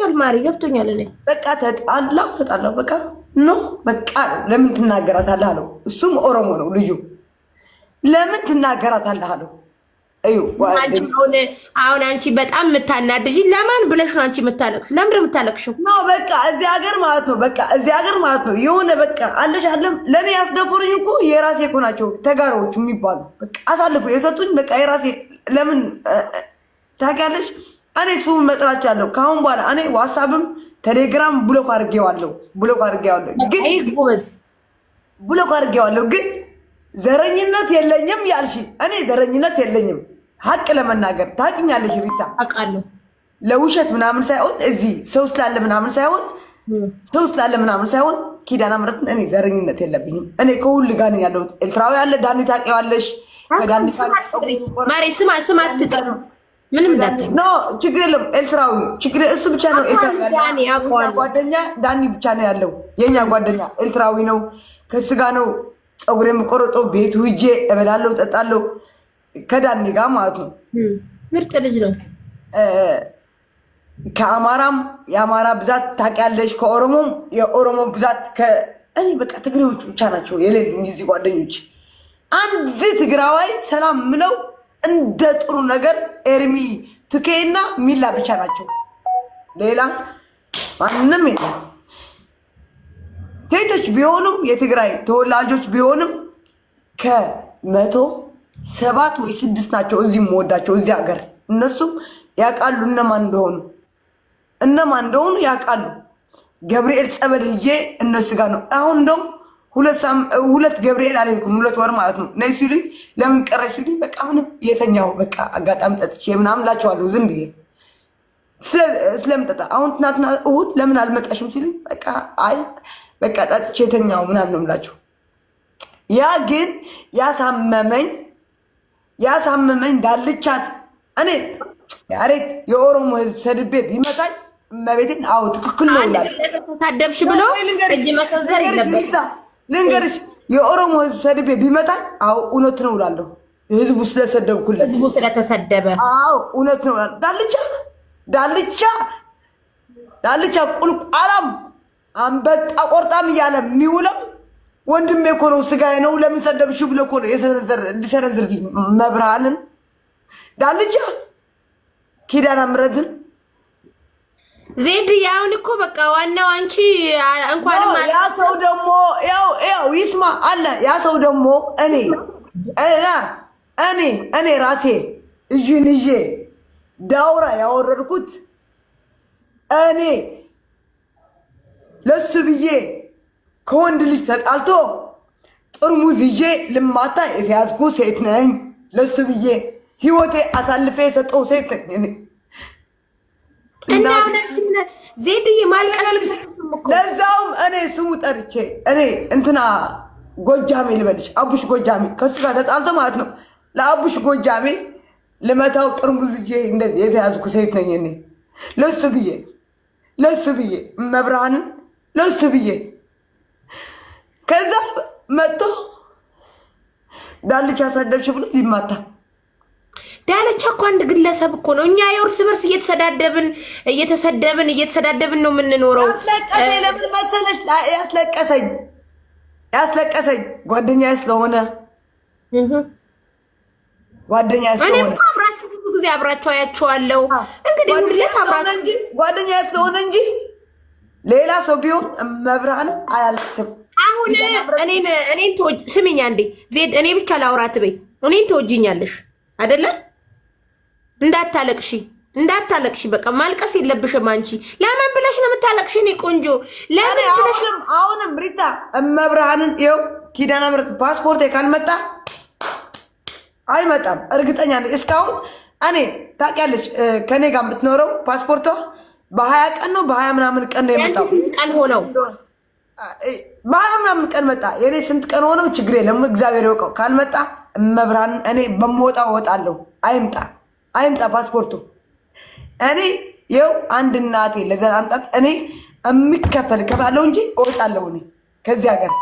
ገብቶኛል ማሪ ገብቶኛል። እኔ በቃ ተጣላሁ ተጣላሁ በቃ ኖ በቃ ነው። ለምን ትናገራታለህ አለው። እሱም ኦሮሞ ነው ልዩ። ለምን ትናገራታለህ አለው። አሁን አንቺ በጣም የምታናድጂ ለማን ብለሽ ነው አንቺ የምታለቅሽ? ለምንድን ነው የምታለቅሽው? ኖ በቃ እዚህ ሀገር ማለት ነው በቃ እዚህ ሀገር ማለት ነው የሆነ በቃ አለሽ አለም ለእኔ ያስደፈሩኝ እኮ የራሴ እኮ ናቸው ተጋሪዎች የሚባሉ አሳልፎ የሰጡኝ በቃ የራሴ ለምን ታውቂያለሽ እኔ ስሙን መጥራቻለሁ። ቻለሁ። ከአሁን በኋላ እኔ ዋትሳፕም ቴሌግራም ብሎክ አድርጌዋለሁ። ብሎክ አድርጌዋለሁ ግን ብሎክ አድርጌዋለሁ ግን ዘረኝነት የለኝም ያልሽ እኔ ዘረኝነት የለኝም። ሀቅ ለመናገር ታውቂኛለሽ ሪታ፣ ለውሸት ምናምን ሳይሆን እዚህ ሰው ስላለ ምናምን ሳይሆን ሰው ስላለ ምናምን ሳይሆን ኪዳነ ምሕረትን እኔ ዘረኝነት የለብኝም። እኔ ከሁሉ ጋር ነው ያለሁት። ኤርትራዊ አለ ዳኒ ታውቂዋለሽ። ከዳኒ ስማ ስማ ምንም ኖ ችግር የለም። ኤርትራዊ ችግር እሱ ብቻ ነው ጓደኛ ዳኒ ብቻ ነው ያለው። የኛ ጓደኛ ኤርትራዊ ነው። ከስጋ ነው ፀጉር የምቆረጦ ቤቱ ሂጄ እበላለሁ፣ ጠጣለሁ ከዳኒ ጋር ማለት ነው። ምርጥ ልጅ ነው። ከአማራም የአማራ ብዛት ታውቂያለሽ፣ ከኦሮሞም የኦሮሞ ብዛት እኔ በቃ ትግሬዎች ብቻ ናቸው የሌሉኝ እዚህ ጓደኞች። አንድ ትግራዋይ ሰላም ምለው እንደ ጥሩ ነገር ኤርሚ ትኬና ሚላ ብቻ ናቸው። ሌላ ማንም የለም። ሴቶች ቢሆኑም የትግራይ ተወላጆች ቢሆንም ከመቶ ሰባት ወይ ስድስት ናቸው እዚህ የምወዳቸው እዚህ ሀገር። እነሱም ያውቃሉ እነማን እንደሆኑ እነማን እንደሆኑ ያውቃሉ። ገብርኤል ጸበል ህዬ እነሱ ጋር ነው አሁን እንደውም ሁለት ገብርኤል አልሄድኩም ሁለት ወር ማለት ነው። ነይ ሲሉኝ ለምን ቀረሽ ሲሉኝ በቃ ምንም የተኛው በቃ አጋጣሚ ጠጥቼ ምናምን ላቸዋለሁ ዝም ብዬ ስለምጠጣ። አሁን ትናንትና እሑድ ለምን አልመጣሽም ሲሉኝ በቃ አይ በቃ ጠጥቼ የተኛው ምናምን ነው ምላቸው። ያ ግን ያሳመመኝ ያሳመመኝ ዳልቻ እኔ አሬት የኦሮሞ ህዝብ ሰድቤ ቢመታኝ እመቤቴን አዎ ትክክል ነው ላል ተሳደብሽ ብሎ እጅ መሰንዘር ልንገርሽ የኦሮሞ ህዝብ ሰድቤ ቢመጣኝ፣ አዎ እውነት ነው እላለሁ። ህዝቡ ስለሰደብኩለት ህዝቡ ስለተሰደበ፣ አዎ እውነት ነው። ዳልቻ ዳልቻ ዳልቻ ቁልቋላም አንበጣ ቆርጣም እያለ የሚውለው ወንድሜ እኮ ነው፣ ስጋዬ ነው። ለምን ሰደብሽው ብሎ እኮ ነው እንዲሰነዝርልኝ መብርሃንን ዳልቻ ኪዳነ ምረትን ዜድ ያሁን እኮ በቃ ዋናው አንቺ እንኳንም ያ ሰው ደግሞ ያው ያው ይስማ አለ ያ ሰው ደግሞ እኔ እኔ እኔ ራሴ እዥን ይዤ ዳውራ ያወረድኩት እኔ ለሱ ብዬ ከወንድ ልጅ ተጣልቶ ጥርሙዝ ይዤ ልማታ የተያዝኩ ሴት ነኝ። ለሱ ብዬ ህይወቴ አሳልፌ የሰጠው ሴት ነኝ። ለዛውም እኔ ስሙ ጠርቼ እኔ እንትና ጎጃሜ ልበልሽ አቡሽ ጎጃሜ ከሱ ጋር ተጣልተ ማለት ነው። ለአቡሽ ጎጃሜ ልመታው ጥርሙዝ ይዤ የተያዝኩ ሴት ነኝ እኔ ለሱ ብዬ ለሱ ብዬ መብርሃንን ለሱ ብዬ ከዛ መጥቶ ዳልቻ አሳደብሽ ብሎ ይማታ ዳለቻ እኮ አንድ ግለሰብ እኮ ነው። እኛ የእርስ በርስ እየተሰዳደብን እየተሰደብን እየተሰዳደብን ነው የምንኖረው። ያስለቀሰኝ ለምን መሰለሽ? ያስለቀሰኝ ያስለቀሰኝ ጓደኛ ስለሆነ ጓደኛ ስለሆነ ብዙ ጊዜ አብራችሁ አያችኋለሁ። እንግዲህ ሁለት አብራችሁ ጓደኛ ስለሆነ እንጂ ሌላ ሰው ቢሆን መብራን አያለቅስም። አሁን እኔን እኔን ስሚኝ አንዴ ዜድ፣ እኔ ብቻ ላውራት በይ። እኔን ትወጂኛለሽ አይደለ? እንዳታለቅሺ እንዳታለቅሺ በቃ ማልቀስ የለብሽም አንቺ። ለምን ብለሽ ነው የምታለቅሽ? እኔ ቆንጆ ለምን ብለሽ አሁንም ሪታ እመብርሃንን ይኸው ኪዳነ ምሕረት ፓስፖርት ካልመጣ አይመጣም። እርግጠኛ ነኝ እስካሁን እኔ ታውቂያለሽ፣ ከኔ ጋር የምትኖረው ፓስፖርቷ በሀያ ቀን ነው በሀያ ምናምን ቀን ነው የመጣው ቀን ሆነው በሀያ ምናምን ቀን መጣ። የኔ ስንት ቀን ሆነው ችግር የለም እግዚአብሔር ይወቀው። ካልመጣ እመብርሃንን እኔ በምወጣ እወጣለሁ። አይምጣ አይምጣ ፓስፖርቱ። እኔ ይኸው አንድ እናቴ ለዘር አምጣት። እኔ የሚከፈል እከፍላለሁ እንጂ እወጣለሁ እኔ ከዚህ ሀገር።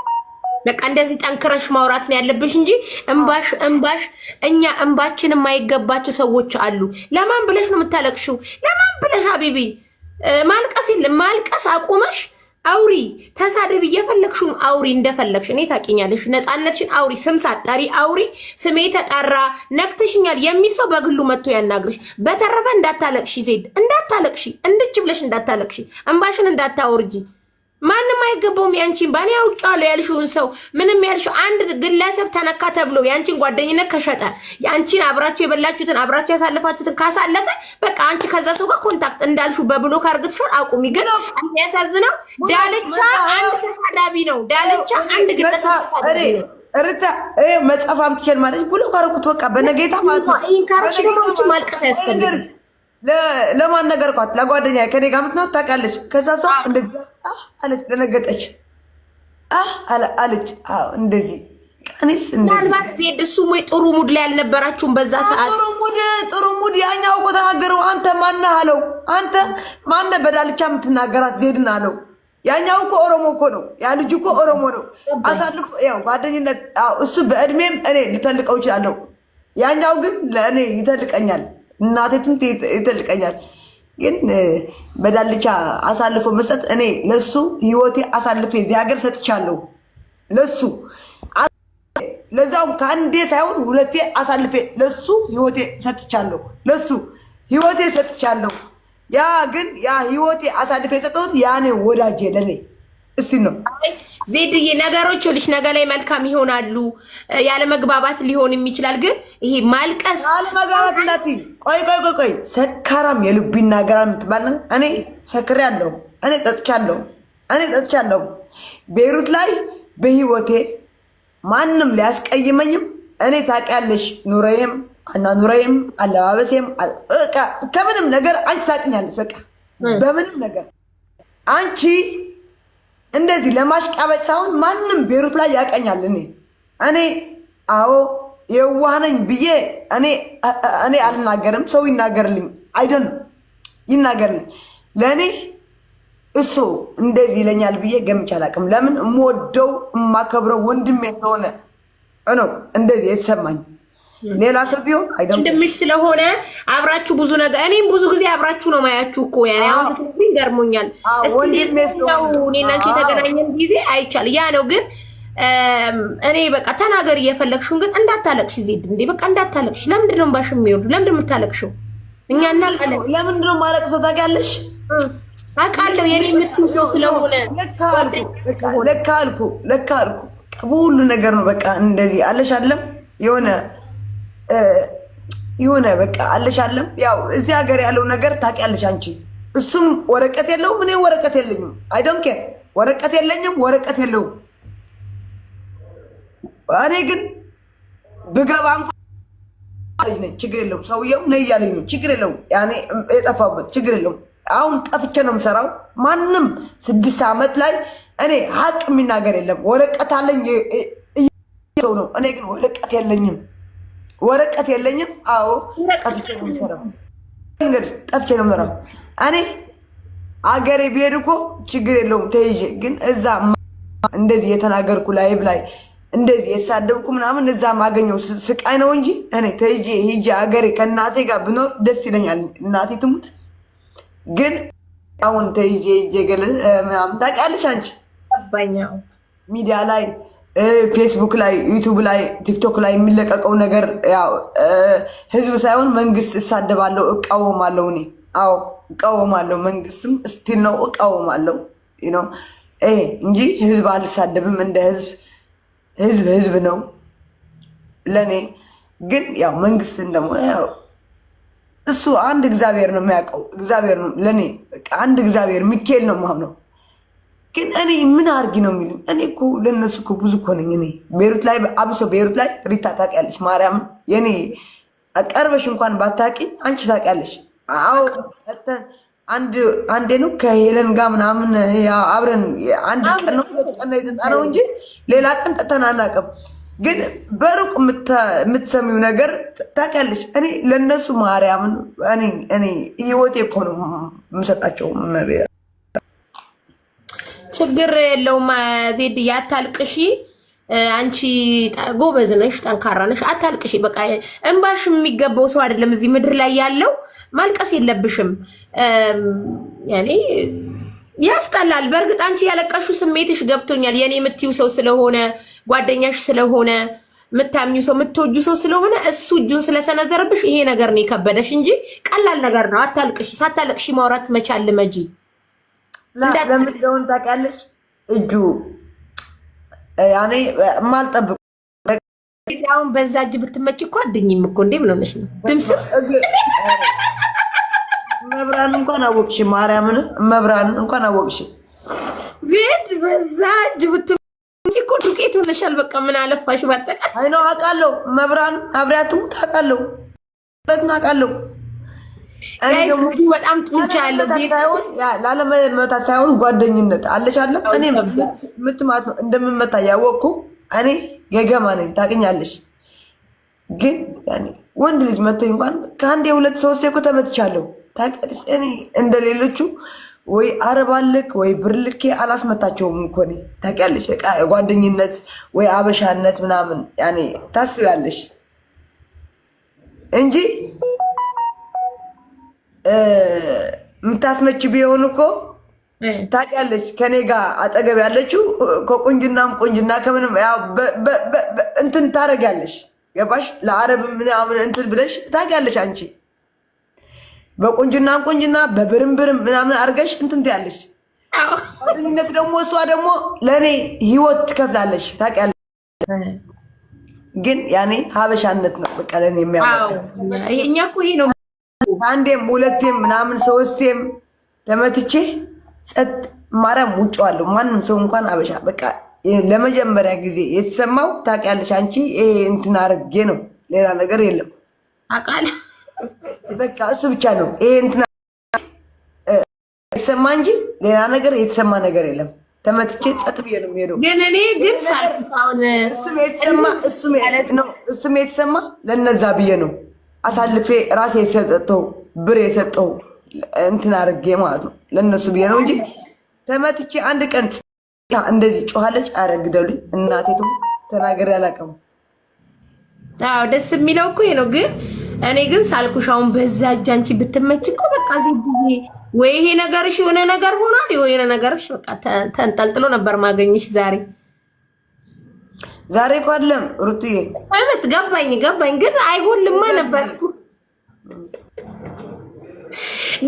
በቃ እንደዚህ ጠንክረሽ ማውራት ነው ያለብሽ እንጂ እምባሽ እምባሽ እኛ እምባችን የማይገባቸው ሰዎች አሉ። ለማን ብለሽ ነው የምታለቅሽው? ለማን ብለሽ ሀቢቢ ማልቀስ ማልቀስ አቁመሽ አውሪ ተሳደብ፣ እየፈለግሽውን አውሪ፣ እንደፈለግሽ እኔ ታውቂኛለሽ። ነፃነትሽን አውሪ፣ ስም ሳትጠሪ አውሪ። ስሜ ተጠራ ነክተሽኛል የሚል ሰው በግሉ መጥቶ ያናግርሽ። በተረፈ እንዳታለቅሺ ዜድ፣ እንዳታለቅሺ፣ እንድች ብለሽ እንዳታለቅሺ፣ እምባሽን እንዳታወርጂ። ማንም አይገባውም። ያንቺን ባኔ ያውቃሉ ያልሽውን ሰው ምንም ያልሽው አንድ ግለሰብ ተነካ ተብሎ ያንቺን ጓደኝነት ከሸጠ ያንቺን አብራችሁ የበላችሁትን አብራችሁ ያሳለፋችሁትን ካሳለፈ በቃ አንቺ ከዛ ሰው ጋር ኮንታክት እንዳልሹ በብሎክ አርግትሽውን አቁሚ። ግን የሚያሳዝነው ዳልቻ አንድ ተሳዳቢ ነው። ዳልቻ አንድ ግለሰብ ርታ መጽሐፍ አምትሸል ማለት ብሎክ አርጉት በቃ በነጌታ ማለት ነው። ይህን ማልቀስ ያስፈልግ ለማን ነገርኳት? ለጓደኛ ከኔ ጋር ምትኖር ታውቃለች። ከዛ ሰው እንደዚህ አለች፣ ደነገጠች አለች። እንደዚህ ቀኔስ ምናልባት ዜድ እሱ ጥሩ ሙድ ላይ አልነበራችሁም በዛ ሰዓት። ጥሩ ሙድ ጥሩ ሙድ ያኛው እኮ ተናገረው። አንተ ማነህ አለው። አንተ ማነህ በዳልቻ የምትናገራት ዜድን አለው። ያኛው እኮ ኦሮሞ እኮ ነው። ያ ልጅ እኮ ኦሮሞ ነው። አሳልፎ ያው ጓደኝነት እሱ በእድሜም እኔ ልተልቀው እችላለሁ። ያኛው ግን ለእኔ ይተልቀኛል። እናቴ ትንት ይጠልቀኛል። ግን በዳልቻ አሳልፎ መስጠት እኔ ለሱ ህይወቴ አሳልፌ እዚህ ሀገር ሰጥቻለሁ ለሱ ለዛውም ከአንዴ ሳይሆን ሁለቴ አሳልፌ ለሱ ህይወቴ ሰጥቻለሁ። ለሱ ህይወቴ ሰጥቻለሁ። ያ ግን ያ ህይወቴ አሳልፌ የሰጠሁት ያኔ ወዳጄ ለኔ እስቲ ነው ዜድዬ ነገሮች ልሽ ነገ ላይ መልካም ይሆናሉ። ያለ መግባባት ሊሆንም ይችላል። ግን ይሄ ማልቀስ ያለ መግባባት እንዳትይ። ቆይ ቆይ ቆይ ቆይ ሰካራም የልብ ይናገራል የምትባል እኔ ሰክሬ ሰክሬያለሁ፣ እኔ ጠጥቻለሁ፣ እኔ ጠጥቻለሁ። ቤይሩት ላይ በህይወቴ ማንም ሊያስቀይመኝም እኔ ታውቂያለሽ፣ ኑሬም እና አለባበሴም ከምንም ነገር አንቺ ታውቂኛለሽ። በቃ በምንም ነገር አንቺ እንደዚህ ለማሽቃበጥ ሳይሆን ማንም ቤሩት ላይ ያቀኛል። እኔ እኔ አዎ የዋህ ነኝ ብዬ እኔ እኔ አልናገርም። ሰው ይናገርልኝ አይደን ይናገርልኝ። ለእኔ እሱ እንደዚህ ይለኛል ብዬ ገምቼ አላውቅም። ለምን እምወደው እማከብረው ወንድሜ ስለሆነ ነው እንደዚህ የተሰማኝ። ሌላ ሰው ቢሆን አይደለም ወንድምሽ ስለሆነ አብራችሁ ብዙ ነገር እኔም ብዙ ጊዜ አብራችሁ ነው ማያችሁ እኮ ያኔ ያ ስትኝ ገርሞኛል። እስኪው እኔናንቺ የተገናኘን ጊዜ አይቻል ያ ነው ግን እኔ በቃ ተናገር እየፈለግሽውን ግን እንዳታለቅሽ ዜድ እንዴ በቃ እንዳታለቅሽ። ለምንድን ነው ባሽ የሚወርዱ ለምንድን ነው የምታለቅሽው? እኛ እናቃለን። ለምንድን ነው ማለቅሰው? ታውቂያለሽ አውቃለሁ የኔ የምትም ሰው ስለሆነ ለካ አልኩ ለካ አልኩ ለካ አልኩ በሁሉ ነገር ነው በቃ እንደዚህ አለሽ አለም የሆነ የሆነ በቃ አለሻለም። ያው እዚህ ሀገር ያለው ነገር ታውቂያለሽ አንቺ። እሱም ወረቀት የለውም፣ እኔ ወረቀት የለኝም። አይ ዶንት ኬር ወረቀት የለኝም፣ ወረቀት የለውም። እኔ ግን ብገባ እንኳን ችግር የለውም። ሰውየው ነይ እያለኝ ነው፣ ችግር የለውም። ያኔ የጠፋሁበት ችግር የለውም። አሁን ጠፍቼ ነው የምሰራው። ማንም ስድስት ዓመት ላይ እኔ ሀቅ የሚናገር የለም። ወረቀት አለኝ ሰው ነው። እኔ ግን ወረቀት የለኝም። ወረቀት የለኝም። አዎ ጠፍቼ ነው የምሰራው። እንግዲህ ጠፍቼ ነው የምሰራው። እኔ አገሬ ብሄድ እኮ ችግር የለውም ተይዤ። ግን እዛ እንደዚህ የተናገርኩ ላይብ ላይ እንደዚህ የተሳደብኩ ምናምን እዛ ማገኘው ስቃይ ነው እንጂ እኔ ተይዤ ሂጄ አገሬ ከእናቴ ጋር ብኖር ደስ ይለኛል። እናቴ ትሙት። ግን አሁን ተይዤ ሂጄ ገለ ምናምን ታውቂያለሽ አንቺ ሚዲያ ላይ ፌስቡክ ላይ ዩቱብ ላይ ቲክቶክ ላይ የሚለቀቀው ነገር ያው ህዝብ ሳይሆን መንግስት እሳደባለሁ፣ እቃወማለሁ። እኔ አዎ እቃወማለሁ። መንግስትም ስቲል ነው እቃወማለሁ ነው እንጂ ህዝብ አልሳደብም። እንደ ህዝብ ህዝብ ህዝብ ነው ለእኔ። ግን ያው መንግስትን ደግሞ እሱ አንድ እግዚአብሔር ነው የሚያውቀው። እግዚአብሔር ነው ለእኔ አንድ እግዚአብሔር ሚካኤል ነው የማምነው ግን እኔ ምን አርጊ ነው የሚሉኝ? እኔ እኮ ለነሱ እኮ ብዙ እኮ ነኝ። እኔ ቤሩት ላይ አብሶ ቤሩት ላይ ሪታ ታውቂያለሽ፣ ማርያም የኔ ቀርበሽ እንኳን ባታቂ አንቺ ታውቂያለሽ። አዎ አንዴ ነው ከሄለን ጋር ምናምን አብረን አንድ ቀን ነው ሁለት ቀን ነው የተጣነው እንጂ ሌላ ቀን ጠተን አናውቅም። ግን በሩቅ የምትሰሚው ነገር ታውቂያለሽ። እኔ ለእነሱ ማርያምን እኔ ህይወቴ እኮ ነው የምሰጣቸው። ችግር የለውም ዜድ ያታልቅሺ አንቺ ጎበዝ ነሽ፣ ጠንካራ ነሽ፣ አታልቅሺ። በቃ እንባሽ የሚገባው ሰው አይደለም እዚህ ምድር ላይ ያለው። ማልቀስ የለብሽም ያኔ ያስጠላል። በእርግጥ አንቺ ያለቀሹ ስሜትሽ ገብቶኛል። የኔ የምትዩ ሰው ስለሆነ ጓደኛሽ ስለሆነ የምታምኙ ሰው የምትወጁ ሰው ስለሆነ እሱ እጁን ስለሰነዘረብሽ ይሄ ነገር ነው የከበደሽ እንጂ ቀላል ነገር ነው። አታልቅሽ። ሳታልቅሺ ማውራት መቻል ልመጂ። ለምትለውን ታውቂያለሽ? እጁ ያኔ የማልጠብቀው አሁን በዛ እጅ ብትመጪ እኮ አድኝም እኮ እንዴ ምን ሆነሽ ነው? ድምስስ መብራን እንኳን አወቅሽ፣ ማርያምን መብራን እንኳን አወቅሽ። ግን በዛ እጅ ብትመጪ እኮ ዱቄት ሆነሻል። በቃ ምን አለፋሽ። ባጠቃ አይነው አውቃለሁ። መብራን አብሪያቱ ታውቃለሁ፣ በት አውቃለሁ በጣም ጡንቻ ያለው ላለመመታት ሳይሆን ጓደኝነት አለች አለ እኔ ምት ነው እንደምመታ ያወቅኩ እኔ ገገማ ነኝ ታውቅኛለሽ። ግን ወንድ ልጅ መቶኝ እንኳን ከአንድ የሁለት ሶስት እኮ ተመትቻለሁ። ታውቂያለሽ እኔ እንደሌሎቹ ወይ አረባልክ ወይ ብርልኬ አላስመታቸውም እኮ እኔ ታውቂያለሽ። ጓደኝነት ወይ አበሻነት ምናምን ያኔ ታስቢያለሽ እንጂ የምታስመች ቢሆን እኮ ታውቂያለች ከኔ ጋር አጠገብ ያለችው ከቁንጅናም ቁንጅና ከምንም እንትን ታደርጊያለሽ። ገባሽ? ለአረብ ምናምን እንትን ብለሽ ታውቂያለሽ። አንቺ በቁንጅናም ቁንጅና በብርም ብርም ምናምን አድርገሽ እንትን ትያለሽ። ጓደኝነት ደግሞ እሷ ደግሞ ለእኔ ህይወት ትከፍላለሽ። ታውቂያለሽ። ግን ያኔ ሀበሻነት ነው በቃ ለእኔ አንዴም ሁለቴም ምናምን ሶስቴም ተመትቼ ጸጥ ማረም ውጭዋለሁ። ማንም ሰው እንኳን አበሻ በቃ ለመጀመሪያ ጊዜ የተሰማው ታውቂያለሽ አንቺ ይሄ እንትን አድርጌ ነው። ሌላ ነገር የለም። አቃል በቃ እሱ ብቻ ነው ይሄ እንትን የተሰማ እንጂ ሌላ ነገር የተሰማ ነገር የለም። ተመትቼ ጸጥ ብዬ ነው የሚሄደው። ግን እኔ ግን ሳልፋውን እሱም የተሰማ እሱም የተሰማ ለነዛ ብዬ ነው አሳልፌ ራሴ የሰጠው ብር የሰጠው እንትን አድርጌ ማለት ነው ለእነሱ ብዬ ነው እንጂ ተመትቼ አንድ ቀን እንደዚህ ጮኋለች። አረ ግደሉኝ እናቴቱ ተናገር ያላቀሙ አዎ ደስ የሚለው እኮ ይሄ ነው። ግን እኔ ግን ሳልኩሽ አሁን በዛ እጅ አንቺ ብትመች እኮ በቃ ዜብዬ ወይ ይሄ ነገርሽ የሆነ ነገር ሆኗል፣ የሆነ ነገርሽ በቃ ተንጠልጥሎ ነበር ማገኝሽ ዛሬ ዛሬ እኮ አይደለም ሩትዬ፣ አመት ገባኝ ገባኝ፣ ግን አይሆንልማ ነበር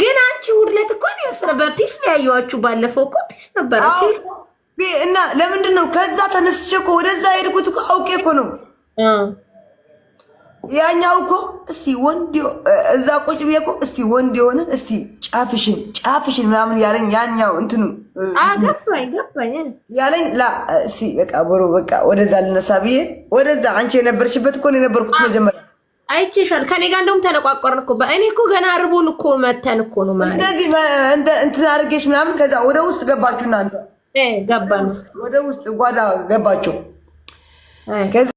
ግን አንቺ ውድለት እኮ ስራ በፒስ ነው ያየኋችሁ። ባለፈው እኮ ፒስ ነበረ እና ለምንድን ነው ከዛ ተነስቼ እኮ ወደዛ ሄድኩት እኮ አውቄ እኮ ነው ያኛው እኮ እስቲ ወንድ እዛ ቁጭ ብዬ እኮ እስቲ ወንድ የሆነ እስቲ ጫፍሽን ጫፍሽን ምናምን ያለኝ ያኛው እንትኑ ያለኝ ላ እስቲ በቃ ቦሮ በቃ ወደዛ ልነሳ ብዬ ወደዛ አንቺ የነበርሽበት እኮ የነበርኩት መጀመሪያ አይቼሻል። ከኔ ጋር እንደውም ተነቋቋርን እኮ በእኔ እኮ ገና ርቦን እኮ መተን እኮ ነው ማለት እንደዚህ እንትን አድርጌሽ ምናምን ከዛ ወደ ውስጥ ገባችሁ እናንተ ገባን ውስጥ ወደ ውስጥ ጓዳ ገባችሁ ከዛ